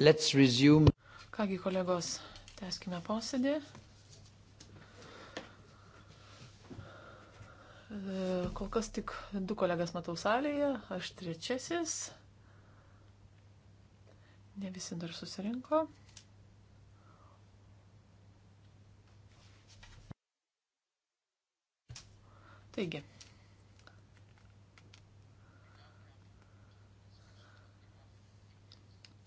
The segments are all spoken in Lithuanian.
Let's resume. Kągi kolegos, tęskime posėdį. E, kol kas tik du kolegas matau salėje, aš trečiasis. Ne visi dar susirinko. Taigi,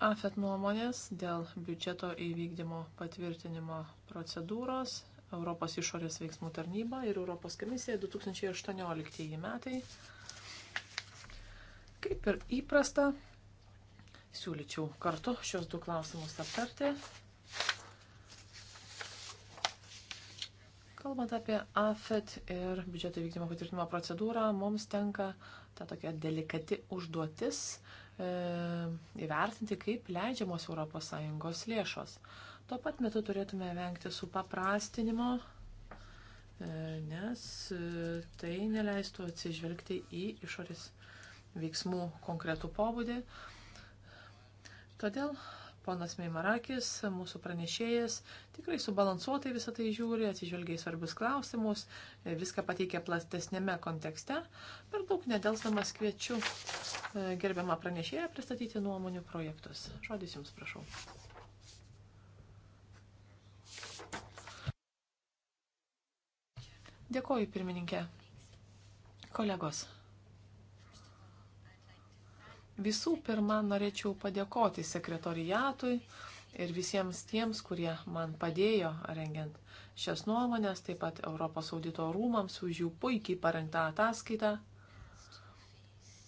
AFET nuomonės dėl biudžeto įvykdymo patvirtinimo procedūros Europos išorės veiksmų tarnyba ir Europos komisija 2018 metai. Kaip ir įprasta, siūlyčiau kartu šios du klausimus aptarti. Kalbant apie AFET ir biudžeto įvykdymo patvirtinimo procedūrą, mums tenka ta tokia delikati užduotis uh, E, įvertinti, kaip leidžiamos ES lėšos. Tuo pat metu turėtume vengti supaprastinimo, e, nes e, tai neleistų atsižvelgti į išorės veiksmų konkretų pobūdį. Todėl ponas Meimarakis, mūsų pranešėjas, tikrai subalansuotai visą tai žiūri, atsižvelgia į svarbius klausimus, viską pateikia platesnėme kontekste. Per daug nedelsamas kviečiu gerbiamą pranešėją pristatyti nuomonių projektus. Žodis Jums prašau. Dėkoju, pirmininkė. Kolegos. Visų pirma, norėčiau padėkoti sekretoriatui ir visiems tiems, kurie man padėjo rengiant šias nuomonės, taip pat Europos audito rūmams už jų puikiai parengtą ataskaitą.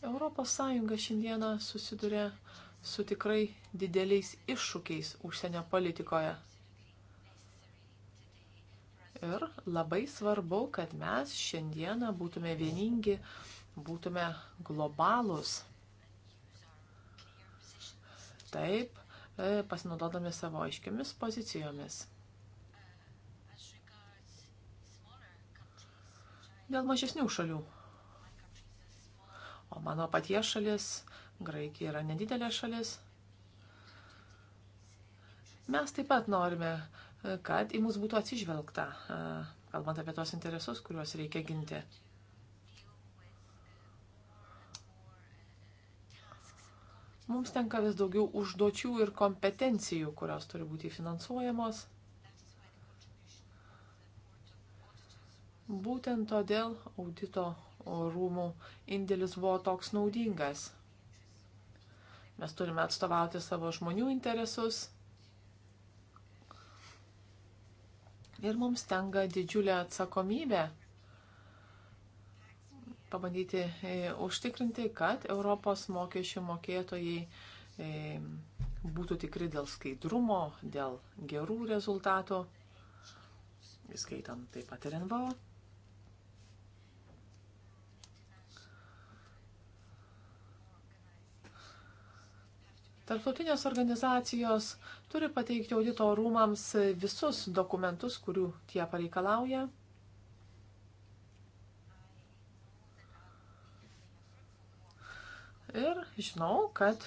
Europos Sąjunga šiandieną susiduria su tikrai dideliais iššūkiais užsienio politikoje. Ir labai svarbu, kad mes šiandieną būtume vieningi, būtume globalūs. Taip, e, pasinaudodami savo aiškiamis pozicijomis. Dėl mažesnių šalių mano paties šalis, Graikija yra nedidelė šalis. Mes taip pat norime, kad į mus būtų atsižvelgta, kalbant apie tos interesus, kuriuos reikia ginti. Mums tenka vis daugiau užduočių ir kompetencijų, kurios turi būti finansuojamos. Būtent todėl audito rūmų indėlis buvo toks naudingas. Mes turime atstovauti savo žmonių interesus ir mums tenka didžiulė atsakomybė pabandyti e, užtikrinti, kad Europos mokesčių mokėtojai e, būtų tikri dėl skaidrumo, dėl gerų rezultatų, įskaitant taip pat ir NVO. Tarptautinės organizacijos turi pateikti audito rūmams visus dokumentus, kurių tie pareikalauja. Ir žinau, kad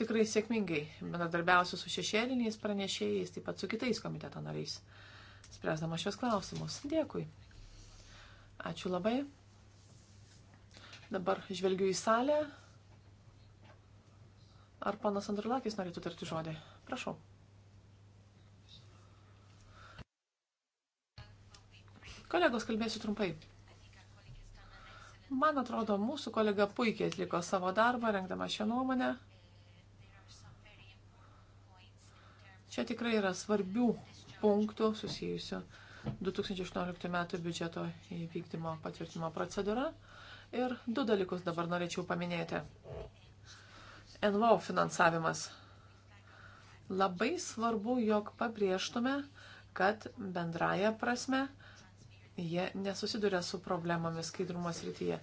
tikrai sėkmingai bendradarbiausiu su šešėliniais pranešėjais, taip pat su kitais komiteto nariais, spręsdama šios klausimus. Dėkui. Ačiū labai. Dabar žvelgiu į salę. Ar panas Andrulakis norėtų tarti žodį? Prašau. Kolegos, kalbėsiu trumpai. Man atrodo, mūsų kolega puikiai atliko savo darbą, rengdama šią nuomonę. Čia tikrai yra svarbių punktų susijusių 2018 metų biudžeto įvykdymo patvirtimo procedūra. Ir du dalykus dabar norėčiau paminėti. NVO finansavimas. Labai svarbu, jog pabrėžtume, kad bendraja prasme jie nesusiduria su problemomis skaidrumo srityje.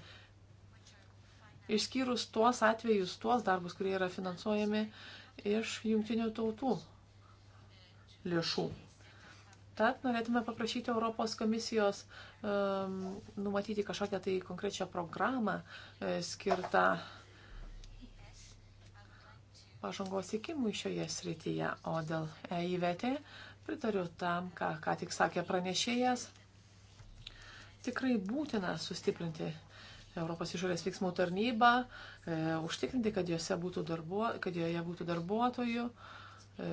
Išskyrus tuos atvejus, tuos darbus, kurie yra finansuojami iš jungtinių tautų lėšų. Tad norėtume paprašyti Europos komisijos um, numatyti kažkokią tai konkrečią programą e, skirtą pažangos siekimui šioje srityje, o dėl EIVT pritariu tam, ką, ką tik sakė pranešėjas. Tikrai būtina sustiprinti Europos išorės veiksmų tarnybą, e, užtikrinti, kad, būtų darbuo, kad joje būtų darbuotojų, e,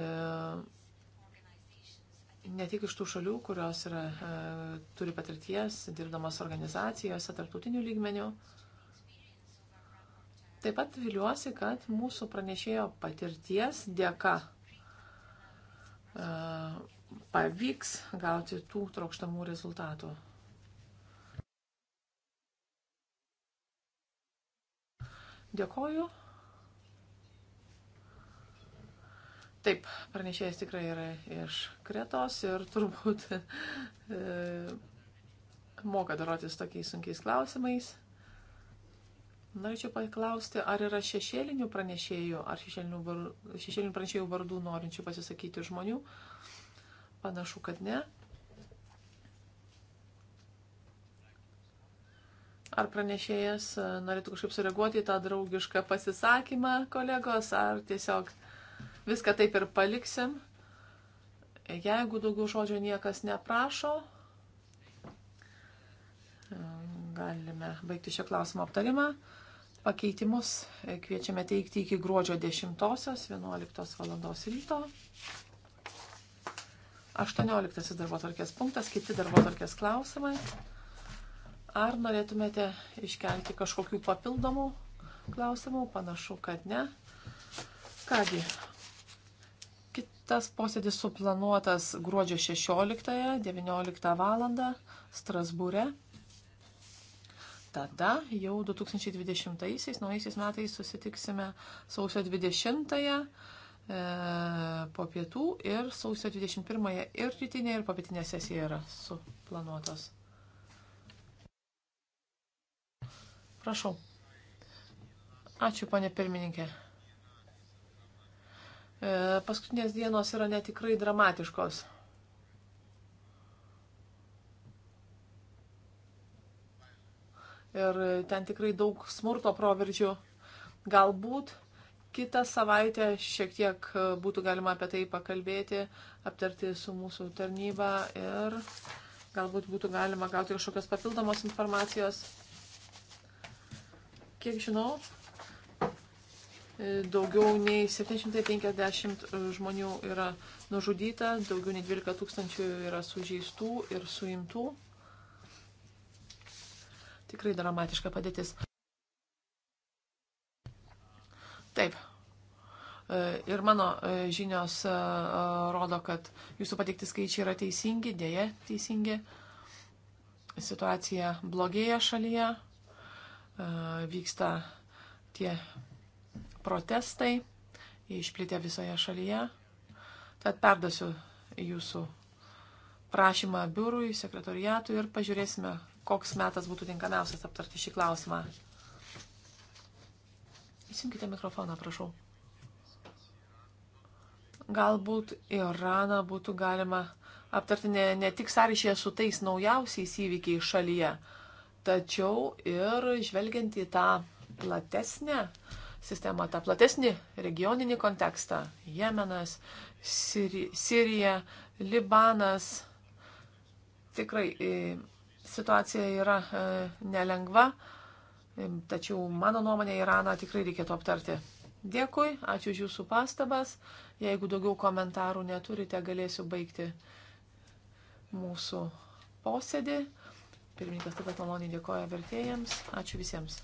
ne tik iš tų šalių, kurios yra, e, turi patirties dirbdamas organizacijose, tarptautinių lygmenių. E, Taip pat viliuosi, kad mūsų pranešėjo patirties dėka e, pavyks gauti tų trokštamų rezultatų. Dėkoju. Taip, pranešėjas tikrai yra iš Kretos ir turbūt e, moka darotis tokiais sunkiais klausimais. Norėčiau paklausti, ar yra šešėlinių pranešėjų, ar šešėlinių, var, šešėlinių pranešėjų vardų norinčių pasisakyti žmonių. Panašu, kad ne. Ar pranešėjas e, norėtų kažkaip sureaguoti į tą draugišką pasisakymą kolegos, ar tiesiog viską taip ir paliksim. Jeigu daugiau žodžio niekas neprašo, e, galime baigti šio klausimo aptarimą. Pakeitimus kviečiame teikti iki gruodžio 10.11 val. ryto. 18 darbo tvarkės punktas, kiti darbo tvarkės klausimai. Ar norėtumėte iškelti kažkokių papildomų klausimų? Panašu, kad ne. Kągi, kitas posėdis suplanuotas gruodžio 16.19 val. Strasbūre tada jau 2020-aisiais, naujaisiais metais susitiksime sausio 20-ąją e, po pietų ir sausio 21-ąją ir rytinė ir papietinė sesija yra suplanuotos. Prašau. Ačiū, ponė pirmininkė. E, paskutinės dienos yra netikrai dramatiškos. ir ten tikrai daug smurto proveržių. Galbūt kitą savaitę šiek tiek būtų galima apie tai pakalbėti, aptarti su mūsų tarnyba ir galbūt būtų galima gauti kažkokios papildomos informacijos. Kiek žinau, daugiau nei 750 žmonių yra nužudyta, daugiau nei 12 tūkstančių yra sužeistų ir suimtų. Tikrai dramatiška padėtis. Taip. E, ir mano e, žinios e, rodo, kad jūsų patikti skaičiai yra teisingi, dėje teisingi. Situacija blogėja šalyje, vyksta tie protestai, išplitę visoje šalyje. Tad perdosiu jūsų prašymą biurui, sekretoriatui ir pažiūrėsime, koks metas būtų tinkamiausias aptarti šį klausimą. Įsijunkite mikrofoną, prašau. Galbūt Iraną būtų galima aptarti ne, ne tik sąryšyje su tais naujausiais įvykiais šalyje, tačiau ir žvelgiant į tą platesnę sistemą, tą platesnį regioninį kontekstą - Jemenas, Siri, Sirija, Libanas. Tikrai e, situacija yra e, nelengva, tačiau mano nuomonė Iraną tikrai reikėtų aptarti. Dėkui, ačiū už jūsų pastabas. Jeigu daugiau komentarų neturite, galėsiu baigti mūsų posėdį. Pirmininkas taip pat maloniai dėkoja vertėjams. Ačiū visiems.